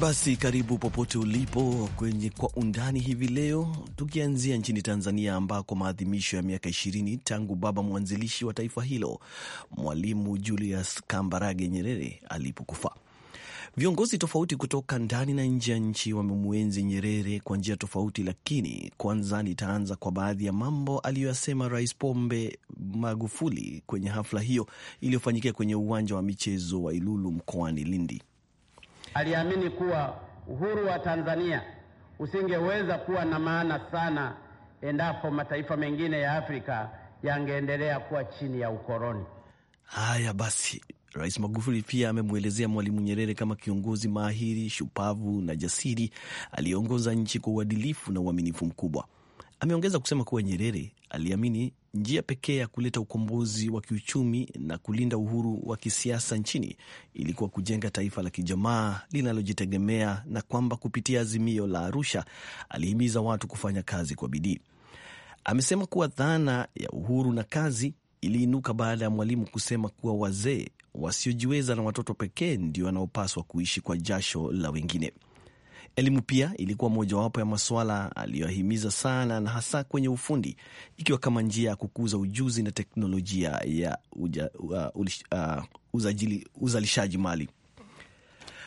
Basi karibu popote ulipo kwenye Kwa Undani hivi leo, tukianzia nchini Tanzania ambako maadhimisho ya miaka ishirini tangu baba mwanzilishi wa taifa hilo Mwalimu Julius Kambarage Nyerere alipokufa. Viongozi tofauti kutoka ndani na nje ya nchi wamemwenzi Nyerere kwa njia tofauti, lakini kwanza nitaanza kwa baadhi ya mambo aliyoyasema Rais Pombe Magufuli kwenye hafla hiyo iliyofanyikia kwenye uwanja wa michezo wa Ilulu mkoani Lindi. Aliamini kuwa uhuru wa Tanzania usingeweza kuwa na maana sana endapo mataifa mengine ya Afrika yangeendelea kuwa chini ya ukoloni. Haya basi, Rais Magufuli pia amemwelezea Mwalimu Nyerere kama kiongozi mahiri, shupavu na jasiri aliyeongoza nchi kwa uadilifu na uaminifu mkubwa. Ameongeza kusema kuwa Nyerere aliamini njia pekee ya kuleta ukombozi wa kiuchumi na kulinda uhuru wa kisiasa nchini ilikuwa kujenga taifa la kijamaa linalojitegemea, na kwamba kupitia azimio la Arusha alihimiza watu kufanya kazi kwa bidii. Amesema kuwa dhana ya uhuru na kazi iliinuka baada ya Mwalimu kusema kuwa wazee wasiojiweza na watoto pekee ndio wanaopaswa kuishi kwa jasho la wengine. Elimu pia ilikuwa mojawapo ya masuala aliyohimiza sana na hasa kwenye ufundi, ikiwa kama njia ya kukuza ujuzi na teknolojia ya uja, uh, uh, uzajili, uzalishaji mali.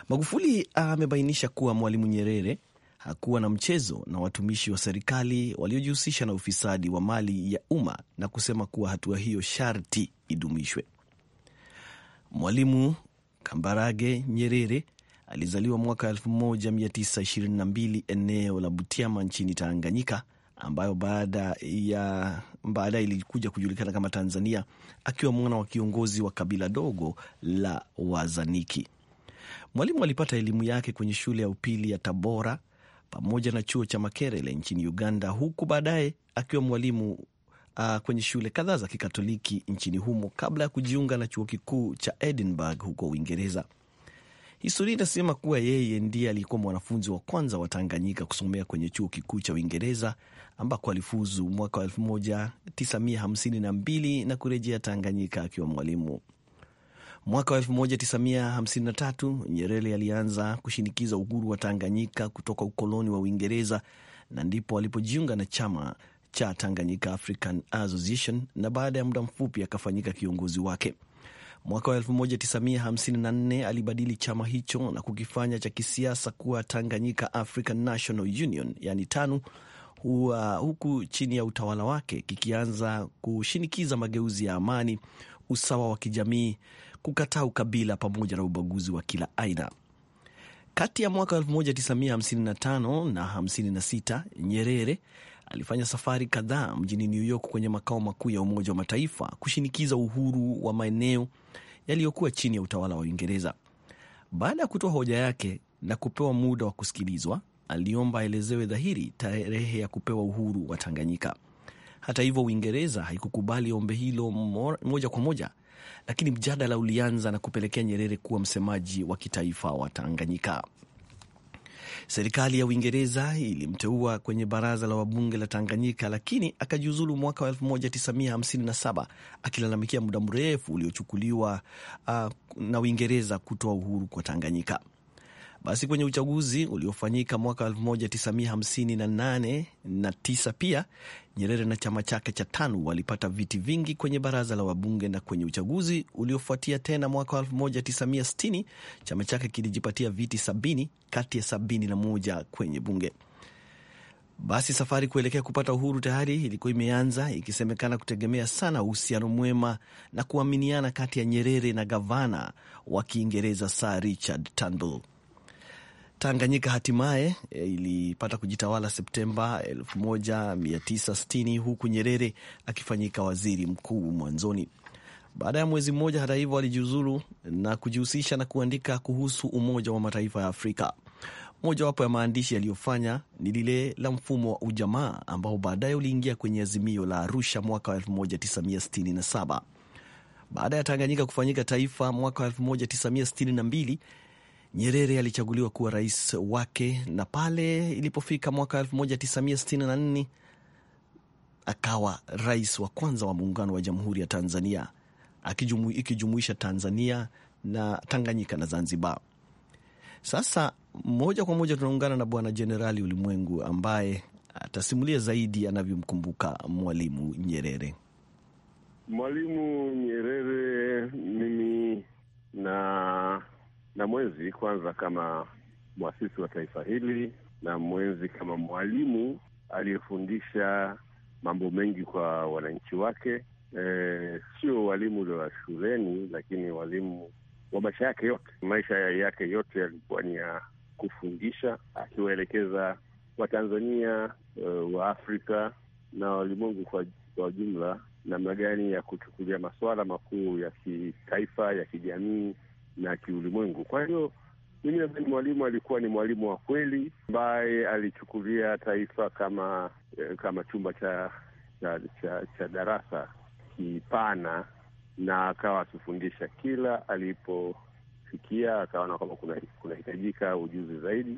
Magufuli amebainisha uh, kuwa Mwalimu Nyerere hakuwa na mchezo na watumishi wa serikali waliojihusisha na ufisadi wa mali ya umma na kusema kuwa hatua hiyo sharti idumishwe. Mwalimu Kambarage Nyerere Alizaliwa mwaka 1922 eneo la Butiama nchini Tanganyika, ambayo baada ya baadaye ilikuja kujulikana kama Tanzania, akiwa mwana wa kiongozi wa kabila dogo la Wazaniki. Mwalimu alipata elimu yake kwenye shule ya upili ya Tabora pamoja na chuo cha makerele nchini Uganda, huku baadaye akiwa mwalimu uh, kwenye shule kadhaa za Kikatoliki nchini humo kabla ya kujiunga na chuo kikuu cha Edinburgh huko Uingereza. Historia inasema kuwa yeye ndiye aliyekuwa mwanafunzi wa kwanza wa Tanganyika kusomea kwenye chuo kikuu cha Uingereza ambako alifuzu mwaka wa 1952 na kurejea Tanganyika akiwa mwalimu. Mwaka wa 1953 Nyerere alianza kushinikiza uhuru wa Tanganyika kutoka ukoloni wa Uingereza, na ndipo alipojiunga na chama cha Tanganyika African Association, na baada ya muda mfupi akafanyika kiongozi wake. Mwaka wa 1954 alibadili chama hicho na kukifanya cha kisiasa kuwa Tanganyika African National Union, yani TANU, huwa huku chini ya utawala wake kikianza kushinikiza mageuzi ya amani, usawa wa kijamii, kukataa ukabila pamoja na ubaguzi wa kila aina. Kati ya mwaka 1955 na 56 Nyerere alifanya safari kadhaa mjini New York kwenye makao makuu ya Umoja wa Mataifa kushinikiza uhuru wa maeneo yaliyokuwa chini ya utawala wa Uingereza. Baada ya kutoa hoja yake na kupewa muda wa kusikilizwa, aliomba aelezewe dhahiri tarehe ya kupewa uhuru wa Tanganyika. Hata hivyo, Uingereza haikukubali ombi hilo moja kwa moja, lakini mjadala ulianza na kupelekea Nyerere kuwa msemaji wa kitaifa wa Tanganyika. Serikali ya Uingereza ilimteua kwenye baraza la wabunge la Tanganyika, lakini akajiuzulu mwaka wa 1957 akilalamikia muda mrefu uliochukuliwa uh, na Uingereza kutoa uhuru kwa Tanganyika. Basi kwenye uchaguzi uliofanyika mwaka 1958 na 9 pia Nyerere na chama chake cha TANU walipata viti vingi kwenye baraza la wabunge, na kwenye uchaguzi uliofuatia tena mwaka 1960 chama chake kilijipatia viti 70 kati ya 71 kwenye bunge. Basi safari kuelekea kupata uhuru tayari ilikuwa imeanza, ikisemekana kutegemea sana uhusiano mwema na kuaminiana kati ya Nyerere na gavana wa Kiingereza Sir Richard Turnbull. Tanganyika hatimaye e, ilipata kujitawala Septemba 1960 huku Nyerere akifanyika waziri mkuu mwanzoni. Baada ya mwezi mmoja, hata hivyo, alijiuzulu na kujihusisha na kuandika kuhusu Umoja wa Mataifa ya Afrika. Mojawapo ya maandishi yaliyofanya ni lile la mfumo wa ujamaa ambao baadaye uliingia kwenye azimio la Arusha mwaka wa 1967. Baada ya Tanganyika kufanyika taifa mwaka wa 1962 Nyerere alichaguliwa kuwa rais wake na pale ilipofika mwaka 1964 akawa rais wa kwanza wa muungano wa jamhuri ya Tanzania akijumu, ikijumuisha Tanzania na Tanganyika na Zanzibar. Sasa moja kwa moja tunaungana na Bwana Jenerali Ulimwengu ambaye atasimulia zaidi anavyomkumbuka Mwalimu Nyerere. Mwalimu Nyerere mimi na na mwenzi kwanza kama mwasisi wa taifa hili na mwenzi kama mwalimu aliyefundisha mambo mengi kwa wananchi wake, e, sio walimu wa shuleni, lakini walimu wa maisha yake yote. Maisha yake yote yalikuwa ni ya kufundisha, akiwaelekeza Watanzania e, wa Afrika na walimwengu kwa, kwa jumla namna gani ya kuchukulia masuala makuu ya kitaifa, ya kijamii na kiulimwengu. Kwa hiyo mimi nadhani Mwalimu alikuwa ni mwalimu wa kweli ambaye alichukulia taifa kama eh, kama chumba cha cha, cha, cha darasa kipana, na akawa akifundisha kila alipofikia, akaona kwamba kunahitajika kuna ujuzi zaidi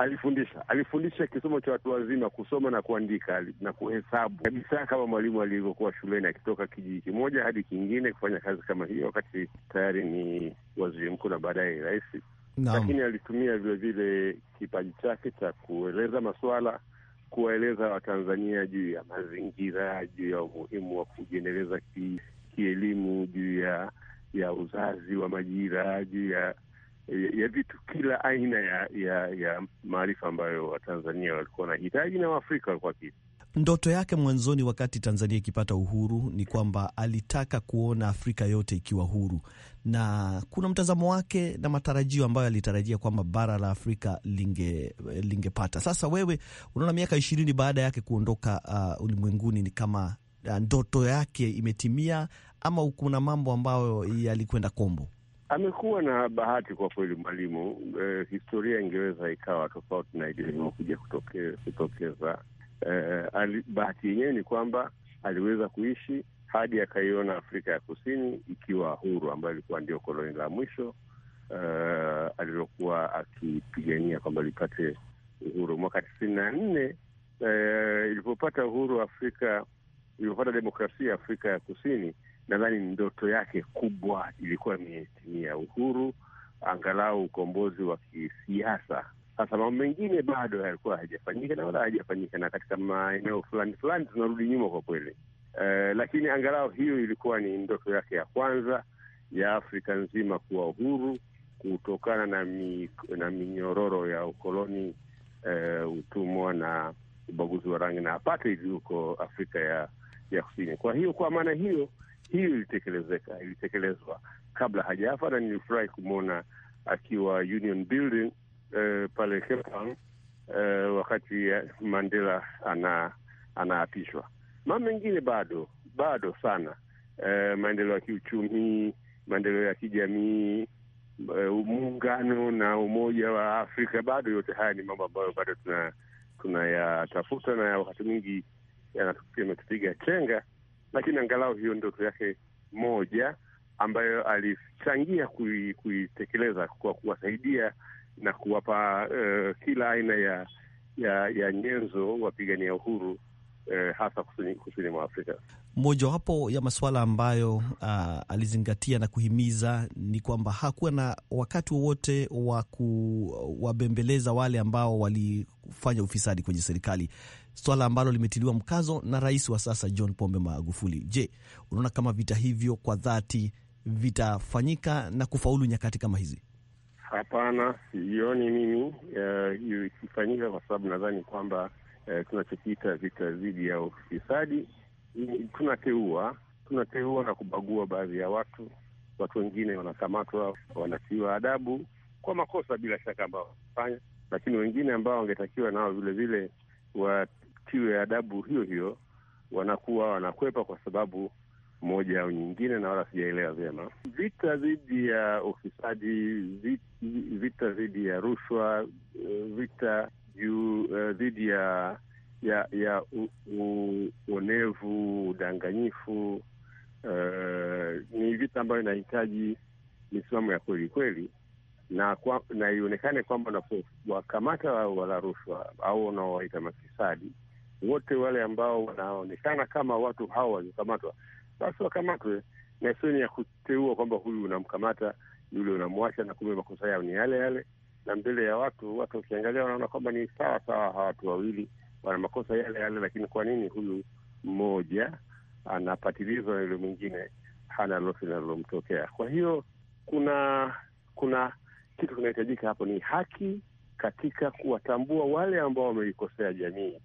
alifundisha alifundisha kisomo cha watu wazima kusoma na kuandika na kuhesabu kabisa kama mwalimu alivyokuwa shuleni, akitoka kijiji kimoja hadi kingine kufanya kazi kama hiyo, wakati tayari ni waziri mkuu na baadaye rahisi Lakini alitumia vilevile kipaji chake cha kueleza masuala, kuwaeleza Watanzania juu ya mazingira, juu ya umuhimu wa kujiendeleza ki, kielimu, juu ya ya uzazi wa majira, juu ya ya vitu kila aina ya ya, ya maarifa ambayo Watanzania walikuwa wanahitaji na Waafrika walikuwa kii ndoto yake mwanzoni, wakati Tanzania ikipata uhuru, ni kwamba alitaka kuona Afrika yote ikiwa huru, na kuna mtazamo wake na matarajio ambayo alitarajia kwamba bara la Afrika linge lingepata. Sasa wewe unaona miaka ishirini baada yake kuondoka uh, ulimwenguni, ni kama uh, ndoto yake imetimia ama kuna mambo ambayo yalikwenda kombo? Amekuwa na bahati kwa kweli mwalimu. E, historia ingeweza ikawa tofauti na ilivyokuja kutokeza. E, bahati yenyewe ni kwamba aliweza kuishi hadi akaiona Afrika ya Kusini ikiwa huru, ambayo ilikuwa ndio koloni la mwisho e, alilokuwa akipigania kwamba lipate uhuru mwaka tisini na nne. E, ilipopata uhuru Afrika, ilipopata demokrasia Afrika ya Kusini nadhani ndoto yake kubwa ilikuwa ya uhuru angalau ukombozi wa kisiasa. Sasa mambo mengine bado yalikuwa hayajafanyika na wala hajafanyika, na katika maeneo fulani fulani tunarudi nyuma kwa kweli eh, lakini angalau hiyo ilikuwa ni ndoto yake ya kwanza ya Afrika nzima kuwa uhuru kutokana na, mi, na minyororo ya ukoloni eh, utumwa na ubaguzi wa rangi na apartheid huko Afrika ya ya kusini. Kwa hiyo kwa maana hiyo hiyo ilitekelezeka, ilitekelezwa kabla hajafa, na nilifurahi kumwona akiwa Union Building uh, pale Cape Town uh, wakati eh, Mandela ana anaapishwa. Mambo mengine bado bado sana, uh, maendeleo ya kiuchumi, maendeleo ya kijamii uh, muungano na umoja wa Afrika, bado yote haya ni mambo ambayo bado tunayatafuta tuna na wakati mwingi yanatupiga chenga lakini angalau hiyo ndoto yake moja ambayo alichangia kuitekeleza kwa kuwasaidia na kuwapa uh, kila aina ya ya, ya nyenzo wapigania uhuru uh, hasa kusini mwa Afrika. Mojawapo ya masuala ambayo uh, alizingatia na kuhimiza ni kwamba hakuwa na wakati wowote wa kuwabembeleza wale ambao walifanya ufisadi kwenye serikali swala ambalo limetiliwa mkazo na rais wa sasa John Pombe Magufuli. Je, unaona kama vita hivyo kwa dhati vitafanyika na kufaulu nyakati kama hizi? Hapana, sioni mimi eh, ikifanyika, kwa sababu nadhani kwamba uh, eh, tunachokiita vita dhidi ya ufisadi tunateua tunateua na kubagua baadhi ya watu. Watu wengine wanakamatwa, wanatiwa adabu kwa makosa bila shaka ambao wanafanya, lakini wengine ambao wangetakiwa nao vilevile ya adabu hiyo hiyo, wanakuwa wanakwepa kwa sababu moja au nyingine, na wala sijaelewa vyema. Vita dhidi ya ufisadi, vita dhidi ya rushwa, eh, vita eh, dhidi ya ya ya uonevu, udanganyifu uh, ni vita ambayo inahitaji misimamo ya kweli kweli, na kwa, na ionekane kwamba unapowakamata wala rushwa au unaowaita mafisadi wote wale ambao wanaonekana kama watu hawa waliokamatwa basi wakamatwe, na sio ni ya kuteua kwamba huyu unamkamata yule unamwacha, na kumbe makosa yao ni yale yale, na mbele ya watu watu wakiangalia wanaona kwamba ni sawa sawa, hawa watu wawili wana makosa yale yale, lakini kwa nini huyu mmoja anapatilizwa na yule mwingine hana lolote linalomtokea? Kwa hiyo kuna kuna kitu kinahitajika hapo, ni haki katika kuwatambua wale ambao wameikosea jamii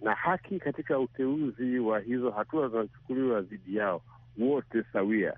na haki katika uteuzi wa hizo hatua zinazochukuliwa dhidi yao, wote sawia,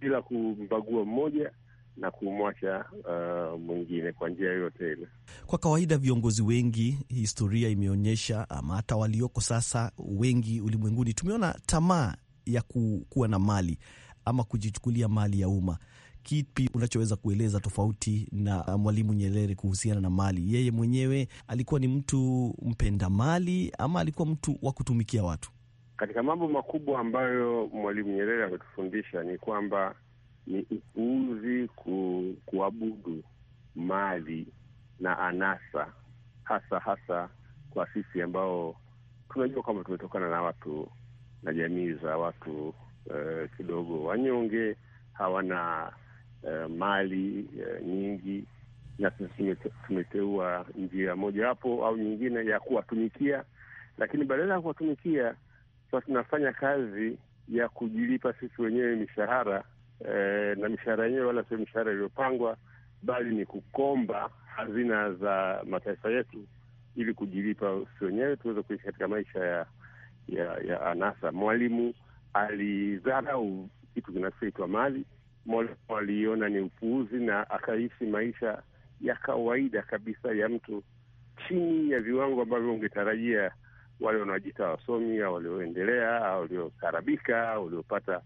bila kumbagua mmoja na kumwacha uh, mwingine kwa njia yoyote ile. Kwa kawaida viongozi wengi, historia imeonyesha ama hata walioko sasa wengi ulimwenguni, tumeona tamaa ya ku, kuwa na mali ama kujichukulia mali ya umma kipi unachoweza kueleza tofauti na uh, Mwalimu Nyerere kuhusiana na mali? Yeye mwenyewe alikuwa ni mtu mpenda mali ama alikuwa mtu wa kutumikia watu? Katika mambo makubwa ambayo Mwalimu Nyerere ametufundisha ni kwamba ni upuuzi ku, kuabudu mali na anasa, hasa hasa kwa sisi ambao tunajua kwamba tumetokana na watu na jamii za watu eh, kidogo wanyonge, hawana Eh, mali uh, nyingi, na sisi tumeteua njia mojawapo au nyingine ya kuwatumikia, lakini badala ya kuwatumikia sasa tunafanya kazi ya kujilipa sisi wenyewe mishahara eh, na mishahara yenyewe wala sio mishahara iliyopangwa, bali ni kukomba hazina za mataifa yetu ili kujilipa sisi wenyewe tuweze kuishi katika maisha ya ya, ya anasa. Mwalimu alidharau kitu kinachoitwa mali Mwalimu aliiona ni upuuzi na akaishi maisha ya kawaida kabisa ya mtu chini ya viwango ambavyo ungetarajia wale wanaojita wasomi au walioendelea au waliokarabika au waliopata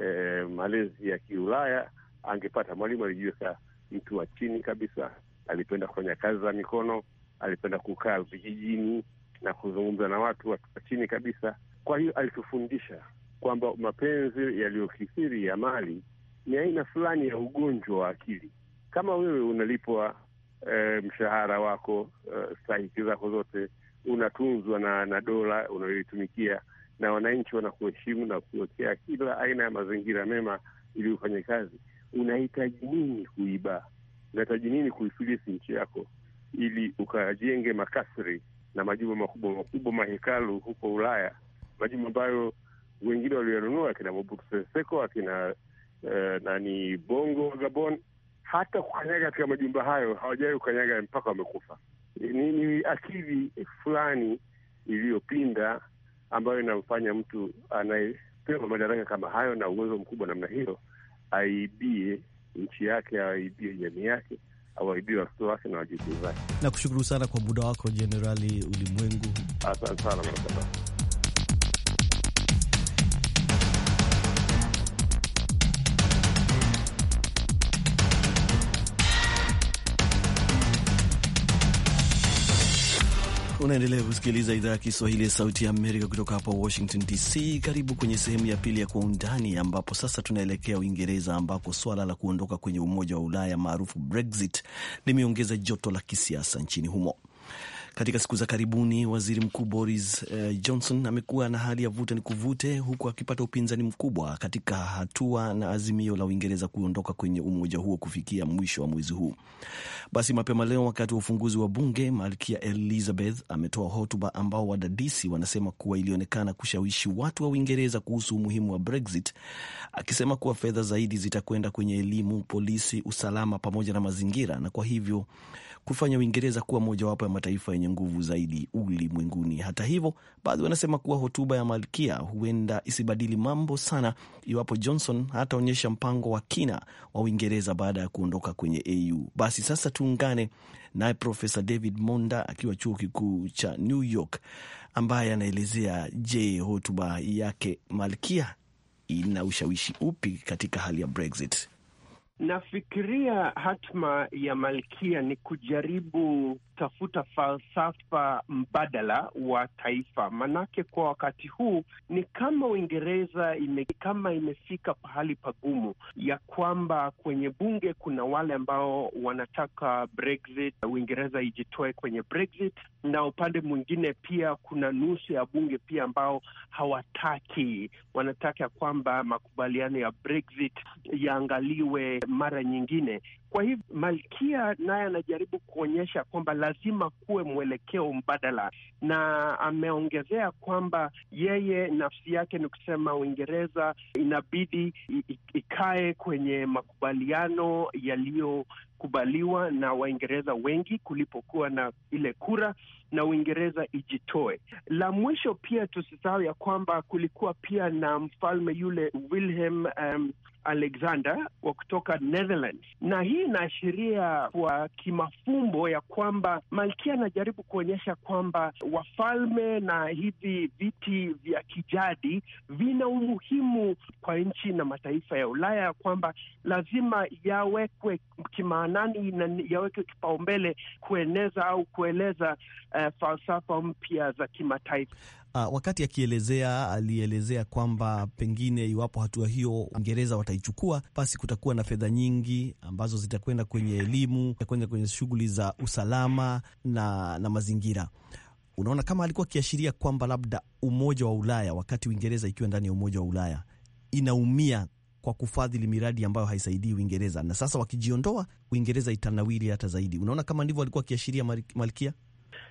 eh, malezi ya Kiulaya angepata. Mwalimu alijiweka mtu wa chini kabisa. Alipenda kufanya kazi za mikono, alipenda kukaa vijijini na kuzungumza na watu watu wa chini kabisa. Kwa hiyo alitufundisha kwamba mapenzi yaliyokithiri ya mali ni aina fulani ya ugonjwa wa akili. Kama wewe unalipwa e, mshahara wako e, stahiki zako zote, unatunzwa na, na dola unayoitumikia na wananchi wanakuheshimu na kuwekea kila aina ya mazingira mema ili ufanye kazi, unahitaji nini kuiba? Unahitaji nini kuifilisi nchi yako ili ukajenge makasri na majumba makubwa makubwa, mahekalu huko Ulaya, majumba ambayo wengine walioyanunua akina Mobutu Sese Seko akina Eh, nani Bongo wa Gabon, hata kukanyaga katika majumba hayo hawajawahi kukanyaga mpaka wamekufa. Ni, ni akili fulani iliyopinda ambayo inamfanya mtu anayepewa madaraka kama hayo na uwezo mkubwa namna hiyo aibie nchi yake, aibie jamii yake awaibie watoto wake na wajukuu zake. Nakushukuru sana kwa muda wako Jenerali Ulimwengu, asante sana. Unaendelea kusikiliza idhaa ya Kiswahili ya Sauti ya Amerika kutoka hapa Washington DC. Karibu kwenye sehemu ya pili ya Kwa Undani, ambapo sasa tunaelekea Uingereza, ambako swala la kuondoka kwenye Umoja wa Ulaya maarufu Brexit limeongeza joto la kisiasa nchini humo. Katika siku za karibuni, waziri mkuu Boris uh, Johnson amekuwa na hali ya vute ni kuvute, huku akipata upinzani mkubwa katika hatua na azimio la Uingereza kuondoka kwenye umoja huo kufikia mwisho wa mwezi huu. Basi mapema leo, wakati wa ufunguzi wa bunge, malkia Elizabeth ametoa hotuba ambao wadadisi wanasema kuwa ilionekana kushawishi watu wa Uingereza kuhusu umuhimu wa Brexit, akisema kuwa fedha zaidi zitakwenda kwenye elimu, polisi, usalama pamoja na mazingira na kwa hivyo kufanya Uingereza kuwa mojawapo ya mataifa yenye nguvu zaidi ulimwenguni. Hata hivyo, baadhi wanasema kuwa hotuba ya malkia huenda isibadili mambo sana iwapo Johnson hataonyesha mpango wa kina wa Uingereza baada ya kuondoka kwenye AU. Basi sasa tuungane naye Profesa David Monda akiwa chuo kikuu cha New York, ambaye anaelezea je, hotuba yake malkia ina ushawishi upi katika hali ya Brexit? Nafikiria hatma ya Malkia ni kujaribu tafuta falsafa mbadala wa taifa, manake kwa wakati huu ni kama Uingereza ime, kama imefika pahali pagumu ya kwamba kwenye bunge kuna wale ambao wanataka Brexit, Uingereza ijitoe kwenye Brexit, na upande mwingine pia kuna nusu ya bunge pia ambao hawataki, wanataka kwamba makubaliano ya Brexit yaangaliwe mara nyingine. Kwa hivyo malkia naye anajaribu kuonyesha kwamba lazima kuwe mwelekeo mbadala, na ameongezea kwamba yeye nafsi yake ni kusema Uingereza inabidi ikae kwenye makubaliano yaliyo kubaliwa na Waingereza wengi kulipokuwa na ile kura na Uingereza ijitoe. La mwisho pia tusisahau ya kwamba kulikuwa pia na mfalme yule Wilhelm um, Alexander wa kutoka Netherlands, na hii inaashiria kwa kimafumbo ya kwamba malkia anajaribu kuonyesha kwamba wafalme na hivi viti vya kijadi vina umuhimu kwa nchi na mataifa ya Ulaya, ya kwamba lazima yawekwe kimaana nani na yaweke kipaumbele kueneza au kueleza uh, falsafa mpya za kimataifa. Uh, wakati akielezea alielezea kwamba pengine iwapo hatua hiyo Uingereza wataichukua basi kutakuwa na fedha nyingi ambazo zitakwenda kwenye elimu, zitakwenda kwenye shughuli za usalama na, na mazingira. Unaona, kama alikuwa akiashiria kwamba labda Umoja wa Ulaya, wakati Uingereza ikiwa ndani ya Umoja wa Ulaya inaumia kwa kufadhili miradi ambayo haisaidii Uingereza, na sasa wakijiondoa, Uingereza itanawili hata zaidi. Unaona kama ndivyo alikuwa akiashiria Malkia.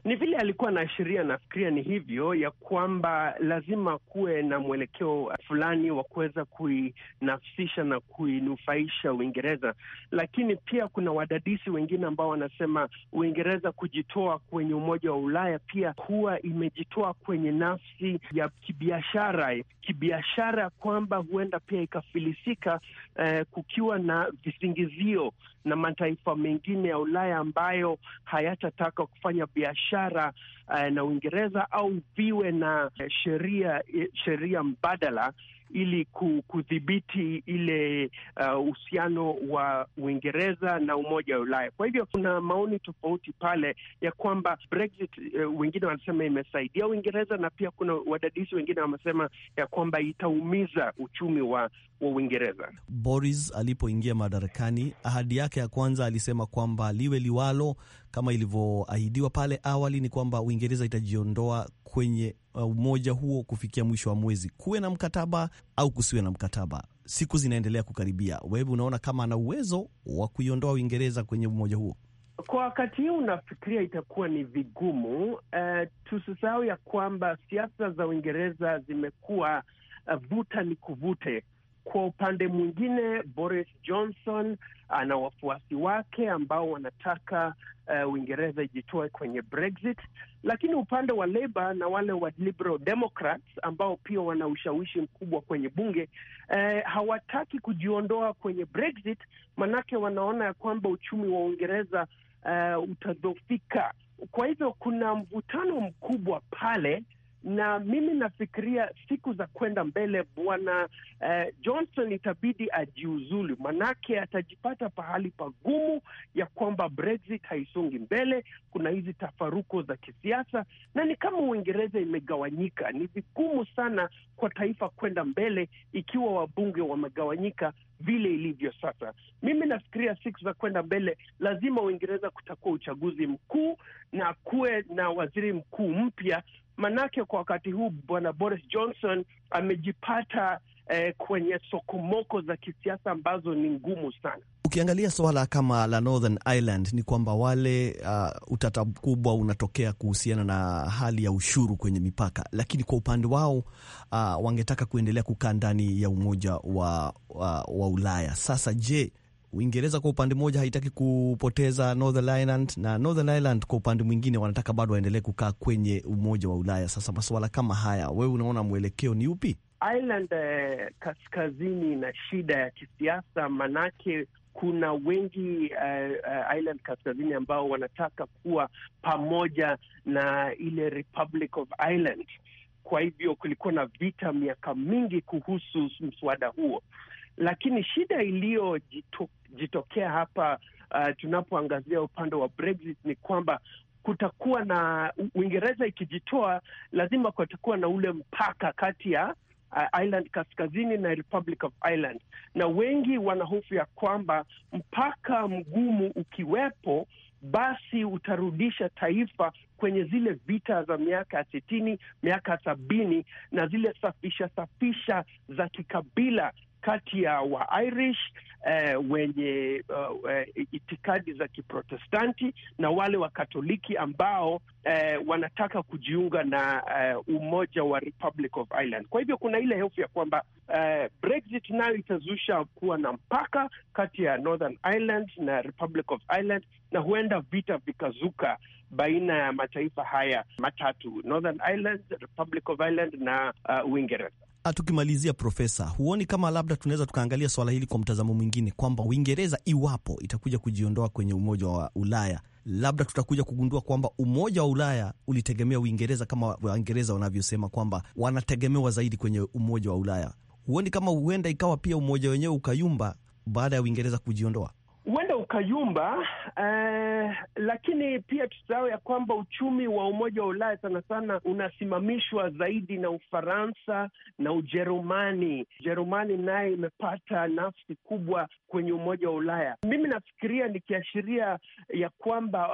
Ni vile alikuwa anaashiria, nafikiria ni hivyo, ya kwamba lazima kuwe na mwelekeo fulani wa kuweza kuinafsisha na kuinufaisha Uingereza, lakini pia kuna wadadisi wengine ambao wanasema Uingereza kujitoa kwenye Umoja wa Ulaya pia huwa imejitoa kwenye nafsi ya kibiashara, kibiashara kwamba huenda pia ikafilisika eh, kukiwa na visingizio na mataifa mengine ya Ulaya ambayo hayatataka kufanya biashara uh, na Uingereza au viwe na eh, sheria eh, sheria mbadala ili kudhibiti ile uh, uhusiano wa Uingereza na Umoja wa Ulaya. Kwa hivyo kuna maoni tofauti pale ya kwamba Brexit, uh, wengine wanasema imesaidia Uingereza na pia kuna wadadisi wengine wamesema ya kwamba itaumiza uchumi wa wa Uingereza. Boris alipoingia madarakani, ahadi yake ya kwanza alisema kwamba liwe liwalo kama ilivyoahidiwa pale awali ni kwamba Uingereza itajiondoa kwenye uh, umoja huo kufikia mwisho wa mwezi, kuwe na mkataba au kusiwe na mkataba. Siku zinaendelea kukaribia, wewe unaona kama ana uwezo wa kuiondoa Uingereza kwenye umoja huo? Kwa wakati huu nafikiria itakuwa ni vigumu. Uh, tusisahau ya kwamba siasa za Uingereza zimekuwa uh, vuta ni kuvute kwa upande mwingine, Boris Johnson ana wafuasi wake ambao wanataka uh, Uingereza ijitoe kwenye Brexit, lakini upande wa Labour na wale wa Liberal Democrats ambao pia wana ushawishi mkubwa kwenye bunge uh, hawataki kujiondoa kwenye Brexit, manake wanaona ya kwamba uchumi wa Uingereza uh, eh, utadhofika. Kwa hivyo kuna mvutano mkubwa pale na mimi nafikiria siku za kwenda mbele bwana uh, Johnson itabidi ajiuzulu, manake atajipata pahali pagumu ya kwamba Brexit haisungi mbele. Kuna hizi tafaruko za kisiasa, na ni kama Uingereza imegawanyika. Ni vigumu sana kwa taifa kwenda mbele ikiwa wabunge wamegawanyika vile ilivyo sasa. Mimi nafikiria siku za kwenda mbele, lazima Uingereza kutakuwa uchaguzi mkuu na kuwe na waziri mkuu mpya manake kwa wakati huu bwana Boris Johnson amejipata eh, kwenye sokomoko za kisiasa ambazo ni ngumu sana. Ukiangalia suala kama la Northern Ireland ni kwamba wale uh, utata mkubwa unatokea kuhusiana na hali ya ushuru kwenye mipaka, lakini kwa upande wao uh, wangetaka kuendelea kukaa ndani ya umoja wa, wa, uh, wa Ulaya. Sasa je, Uingereza kwa upande mmoja haitaki kupoteza Northern Ireland na Northern Ireland kwa upande mwingine wanataka bado waendelee kukaa kwenye Umoja wa Ulaya. Sasa masuala kama haya, wewe unaona mwelekeo ni upi? Ireland eh, kaskazini ina shida ya kisiasa manake kuna wengi uh, uh, Ireland kaskazini ambao wanataka kuwa pamoja na ile Republic of Ireland. Kwa hivyo kulikuwa na vita miaka mingi kuhusu mswada huo, lakini shida iliyojitokea hapa uh, tunapoangazia upande wa Brexit ni kwamba kutakuwa na Uingereza ikijitoa, lazima kutakuwa na ule mpaka kati ya uh, Ireland kaskazini na Republic of Ireland, na wengi wanahofu ya kwamba mpaka mgumu ukiwepo basi utarudisha taifa kwenye zile vita za miaka ya sitini, miaka sabini na zile safisha safisha za kikabila kati ya wa Irish eh, wenye uh, uh, itikadi za Kiprotestanti na wale wa katoliki ambao eh, wanataka kujiunga na uh, umoja wa Republic of Ireland. Kwa hivyo kuna ile hofu ya kwamba eh, Brexit nayo itazusha kuwa na mpaka kati ya Northern Ireland na Republic of Ireland na huenda vita vikazuka baina ya mataifa haya matatu Northern Ireland, Republic of Ireland na uh, Uingereza. Ah, tukimalizia Profesa, huoni kama labda tunaweza tukaangalia swala hili kwa mtazamo mwingine kwamba Uingereza iwapo itakuja kujiondoa kwenye Umoja wa Ulaya, labda tutakuja kugundua kwamba Umoja wa Ulaya ulitegemea Uingereza kama Waingereza wanavyosema kwamba wanategemewa zaidi kwenye Umoja wa Ulaya. Huoni kama huenda ikawa pia umoja wenyewe ukayumba baada ya Uingereza kujiondoa? huenda ukayumba eh, lakini pia tusahau ya kwamba uchumi wa Umoja wa Ulaya sana sana unasimamishwa zaidi na Ufaransa na Ujerumani. Ujerumani naye imepata nafsi kubwa kwenye Umoja wa Ulaya. Mimi nafikiria ni kiashiria ya kwamba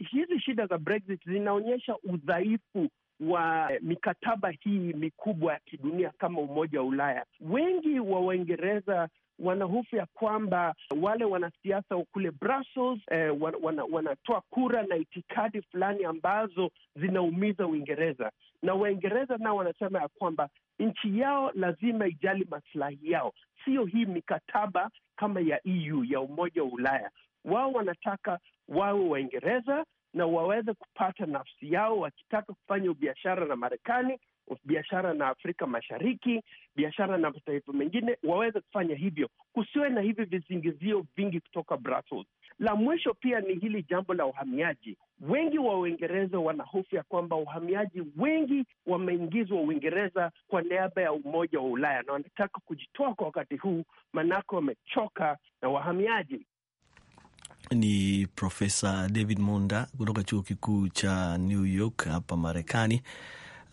uh, hizi shida za Brexit zinaonyesha udhaifu wa eh, mikataba hii mikubwa ya kidunia kama Umoja wa Ulaya. Wengi wa Waingereza wanahofu ya kwamba wale wanasiasa kule Brussels eh, wan, wanatoa kura na itikadi fulani ambazo zinaumiza Uingereza na Waingereza nao wanasema ya kwamba nchi yao lazima ijali masilahi yao, sio hii mikataba kama ya EU ya Umoja wa Ulaya. Wao wanataka wawe Waingereza na waweze kupata nafsi yao, wakitaka kufanya biashara na Marekani biashara na Afrika Mashariki, biashara na mataifa mengine, waweze kufanya hivyo, kusiwe na hivi vizingizio vingi kutoka Brussels. La mwisho pia ni hili jambo la uhamiaji. Wengi wa Uingereza ya kwamba uhamiaji wengi wameingizwa Uingereza kwa niaba ya Umoja wa Ulaya na wanataka kujitoa kwa wakati huu, manako wamechoka na wahamiaji. Ni Profesa David Monda kutoka chuo kikuu cha New York hapa Marekani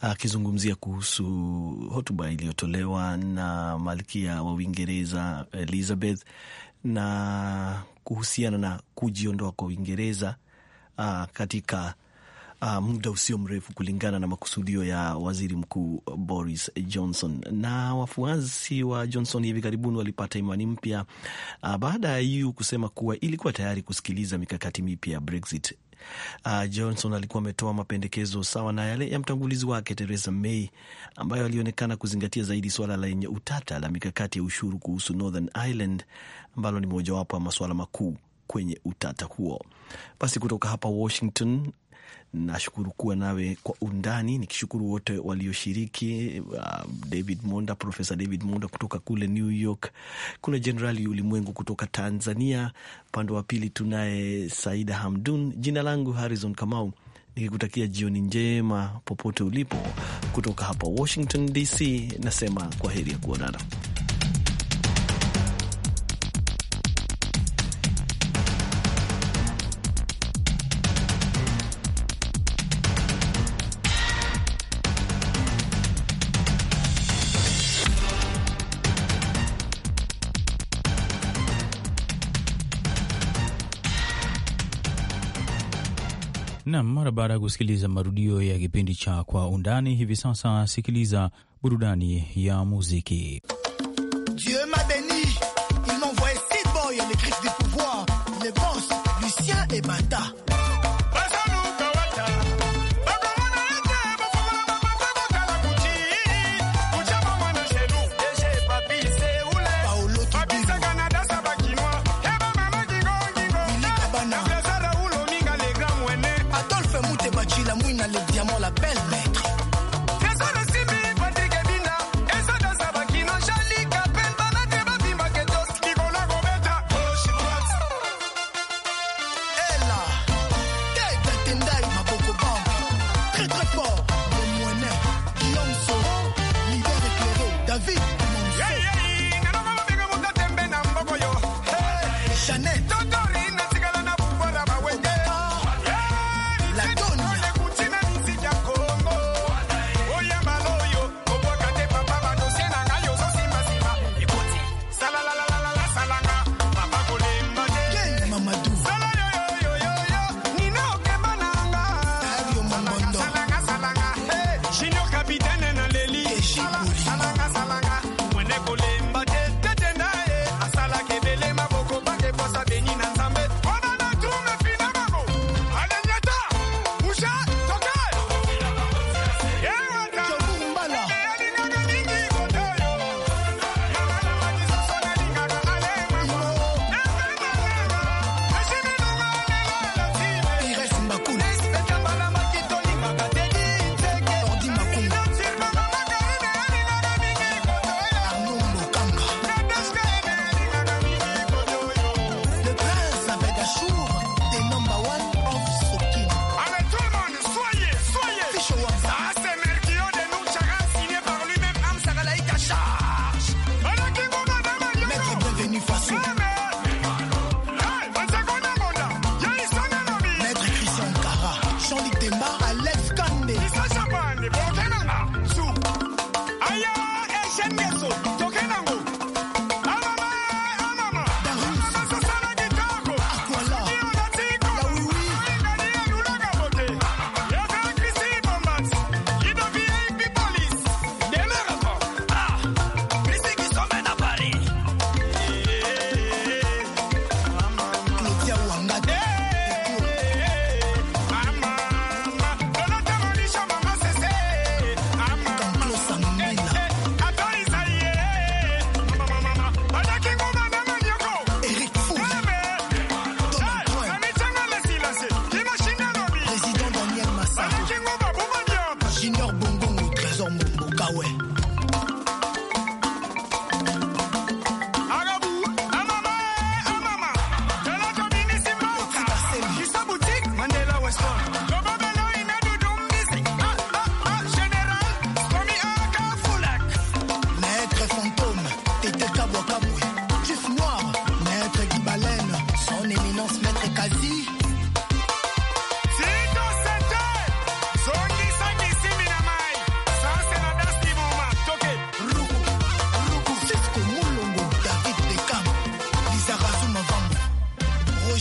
akizungumzia kuhusu hotuba iliyotolewa na malkia wa Uingereza Elizabeth na kuhusiana na kujiondoa kwa Uingereza katika Uh, muda usio mrefu kulingana na makusudio ya waziri mkuu Boris Johnson. Na wafuasi wa Johnson hivi karibuni walipata imani mpya uh, baada ya EU kusema kuwa ilikuwa tayari kusikiliza mikakati mipya ya Brexit Uh, Johnson alikuwa ametoa mapendekezo sawa na yale ya mtangulizi wake Theresa May ambayo alionekana kuzingatia zaidi suala lenye utata la mikakati ya ushuru kuhusu Northern Ireland ambalo ni mojawapo ya masuala makuu kwenye utata huo. Basi kutoka hapa Washington, Nashukuru kuwa nawe kwa undani, nikishukuru wote walioshiriki, uh, David Monda, Profesa David Monda kutoka kule New York, kuna Jenerali Ulimwengu kutoka Tanzania, upande wa pili tunaye Saida Hamdun. Jina langu Harrison Kamau, nikikutakia jioni njema popote ulipo, kutoka hapa Washington DC, nasema kwa heri ya kuonana. Nam, mara baada ya kusikiliza marudio ya kipindi cha Kwa Undani, hivi sasa sikiliza burudani ya muziki. Dieu m'a beni il si boy du le Lucien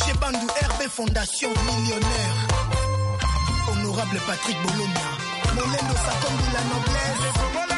Chez Bandou, RB Fondation Millionnaire. Honorable Patrick Bologna. Molendo de la noblesse.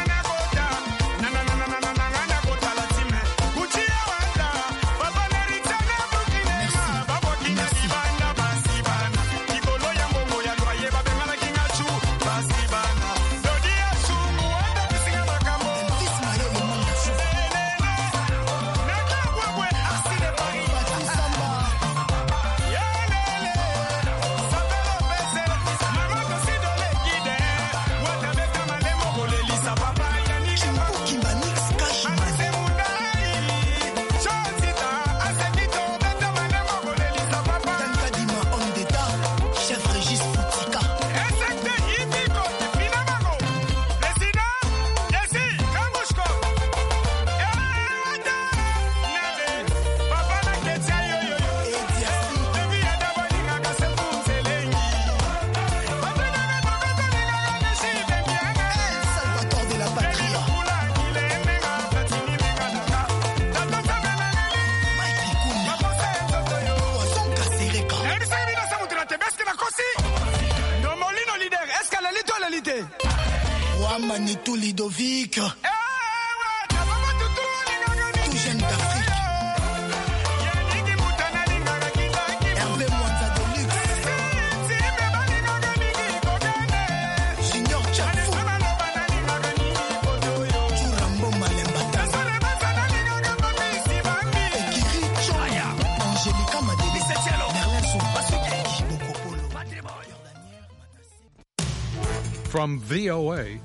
from VOA